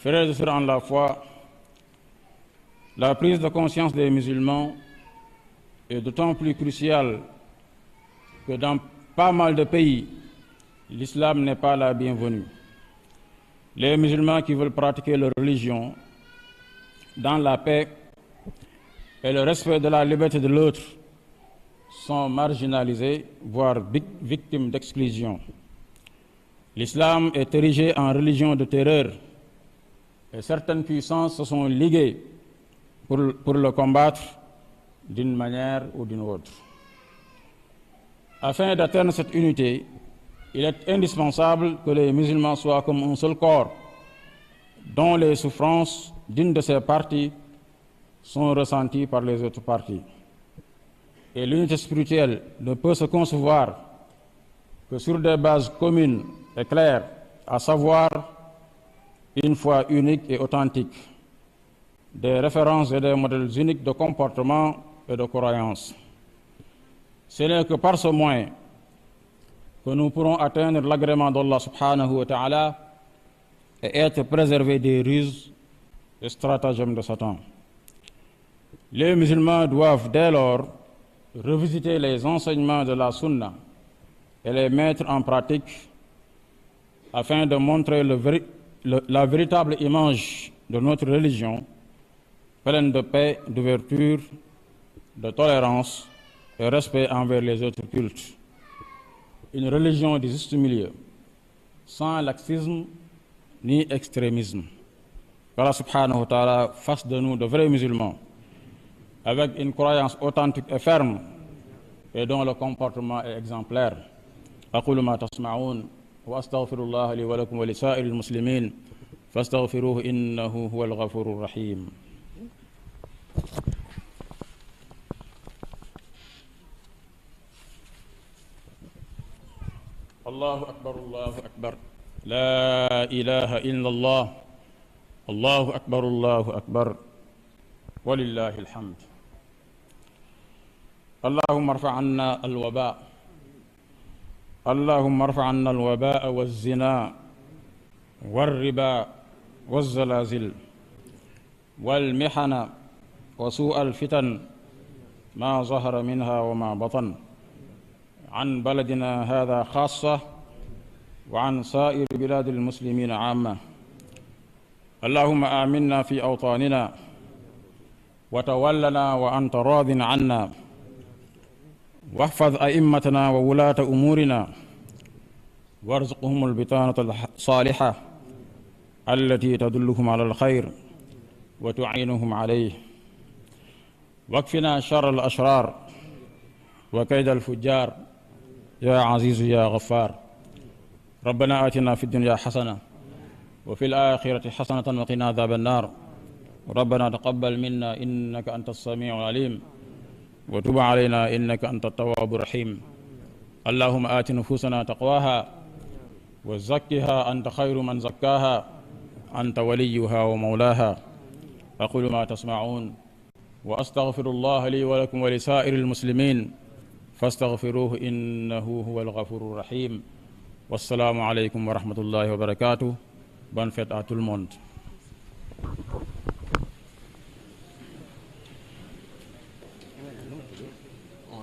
Frères et sœurs en la foi, la prise de conscience des musulmans est d'autant plus cruciale que dans pas mal de pays, l'islam n'est pas la bienvenue. Les musulmans qui veulent pratiquer leur religion dans la paix et le respect de la liberté de l'autre sont marginalisés, voire victimes d'exclusion. L'islam est érigé en religion de terreur Et certaines puissances se sont liguées pour, pour le combattre d'une manière ou d'une autre. Afin d'atteindre cette unité, il est indispensable que les musulmans soient comme un seul corps, dont les souffrances d'une de ses parties sont ressenties par les autres parties. Et l'unité spirituelle ne peut se concevoir que sur des bases communes et claires, à savoir une fois unique et authentique, des références et des modèles uniques de comportement et de croyance. Ce n'est que par ce moyen que nous pourrons atteindre l'agrément d'Allah subhanahu wa ta'ala et être préservés des ruses et stratagèmes de Satan. Les musulmans doivent dès lors revisiter les enseignements de la sunna et les mettre en pratique afin de montrer le véritable le, la véritable image de notre religion, pleine de paix, d'ouverture, de tolérance et respect envers les autres cultes. Une religion du juste milieu, sans laxisme ni extrémisme. Allah subhanahu wa ta'ala fasse de nous de vrais musulmans, avec une croyance authentique et ferme, et dont le comportement et exemplaire. aqulu ma tasma'un وأستغفر الله لي ولكم ولسائر المسلمين فاستغفروه إنه هو الغفور الرحيم الله أكبر الله أكبر لا إله إلا الله الله أكبر الله أكبر ولله الحمد اللهم ارفع عنا الوباء allahuma arfa anna alwabaa walzina walriba walzalazil walmixana wa suu alfitan ma zahara minha wa ma batan an baladina hada xaasa wa an saa'iri bilaadi almuslimina aama allahuma aminna fi awtaanina wa tawallana wa anta raadin anna واحفظ أئمتنا وولاة أمورنا وارزقهم البطانة الصالحة التي تدلهم على الخير وتعينهم عليه واكفنا شر الأشرار وكيد الفجار يا عزيز يا غفار ربنا آتنا في الدنيا حسنة وفي الآخرة حسنة وقنا عذاب النار ربنا تقبل منا إنك أنت السميع العليم wa tub alayna innaka anta tawaabu rahim allahuma aati nufusana taqwaha wa zakkiha anta xayru man zakkaha anta waliyuha wa mawlaha aqulu ma tasmacuun wa astaghfiru allah li wa lakum wa li saa'iri almuslimin fastaghfiruhu innahu huwa alghafuru rahim wassalaamu aleykum wa rahmatullahi wa barakatuh bonne fête à tout le monde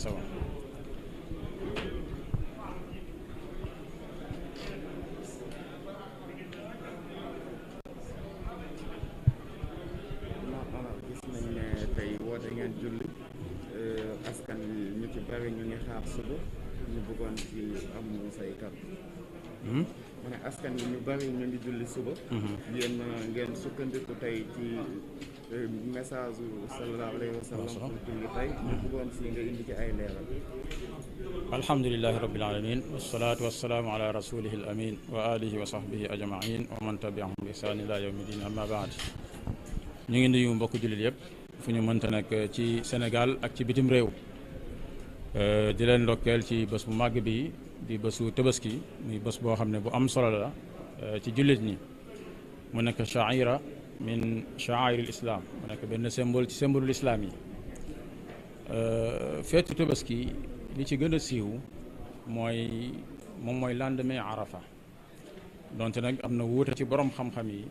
ça va. gis nañ ne tey woote ngeen julli askan ñu ci bari ñu ngi xaar suba ñu bëggoon ci am say hmm? kàddu. ne askan wi ñu bari ñu ngi julli suba. Mhm. yéen ngeen sukkandiku tey ci euh, message yu sallallahu alayhi wa sallam. julli tey ñu bëggoon si nga indi ci ay leeral. alhamdulilahi rabbil alamin wasalaatu wasalaamu ala rasulihi al amin wa alihi wa sahbihi ajmain wa man tabiahum bi ihsaan ila yawmi din amma baad ñu ngi nuyu mbokk jullit yëpp fu ñu mënta nag ci Sénégal ak ci bitim réew euh, di leen ndokkeel ci bés bu màgg bi di bésu tabaski muy bés boo xam ne bu am solo la euh, ci jullit ñi mu nekk shaaira min shaairil islam mu nekk benn symbole ci symbolul islam yi euh, feetu tabaski li ci gën a siiw mooy moom mooy lendemain arafa donte nag am na wuute ci borom xam-xam yi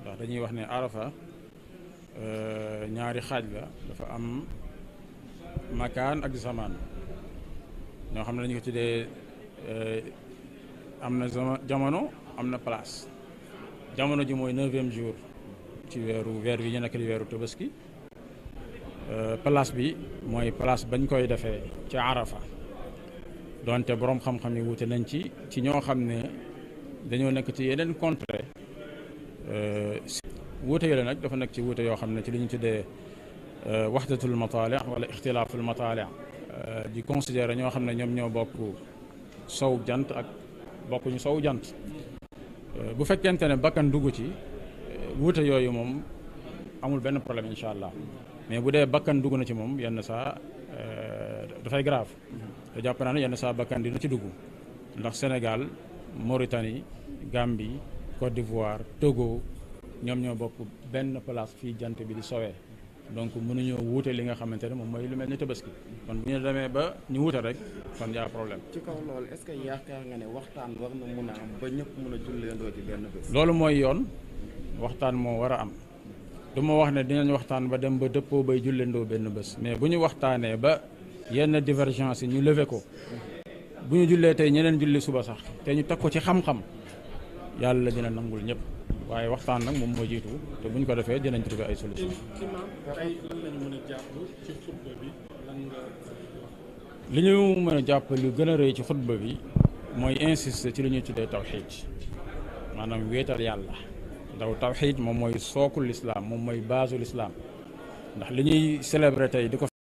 ndax dañuy wax ne arafa euh, ñaari xaaj la dafa am makaan ak zamaan ñoo xam ne dañu ko tuddee Euh, am na jamono am na place jamono ji mooy neuvième jour ci weeru weer wi ñu nekk di weeru tabaski euh, place bi mooy place bañ koy defee ci Arafa doonte boroom xam-xam yi wute nañ ci ci ñoo xam ne dañoo nekk ci yeneen contre contrée euh, wuute yooyu nag dafa nekk ci wuute yoo xam ne ci li ñu tuddee waxdatul mataali wala ixtilaaful mataali di considéré ñoo xam ne ñoom ñoo bokk sow jant ak bokkuñu sow jant euh, bu fekkente ne bakkan dugg ci euh, wuute yooyu moom amul benn problème incha allah mais bu dee bakkan dugg na ci moom yenn saa euh, dafay grave te jàpp naa ne yenn saa bakkan dina ci dugg ndax Sénégal Mauritanie Gambie Côte d'Ivoire Togo ñoom ñoo bokk benn place fii jant bi di sowee donc mënuñoo wuute li nga xamante ne moom mooy lu mel ni tabaski kon bu ñu demee ba ñu wuute rek kon yaa problème. ci kaw loolu est-ce que yaakaar nga ne waxtaan war na mun a am ba ñëpp mun a julleendoo ci benn bés. loolu mooy yoon waxtaan moo war a am du wax ne dinañ waxtaan ba dem ba dëppoo bay julleendoo benn bés mais bu ñu waxtaanee ba yenn divergence yi ñu lever ko bu ñu jullee tey ñeneen julli suba sax te ñu teg ko ci xam-xam yàlla dina nangul ñëpp. waaye waxtaan nag moom moo jiitu te buñ ko defee dinañ trouver ay solution li ñu mën a jàpp lu gën a rëy ci xutba bi mooy insister ci li ñuy tuddee tawxiid maanaam wéetal yàlla ndaw tawxiid moom mooy sookul lislaam moom mooy baasu lislaam ndax li ñuy célébrer tey di ko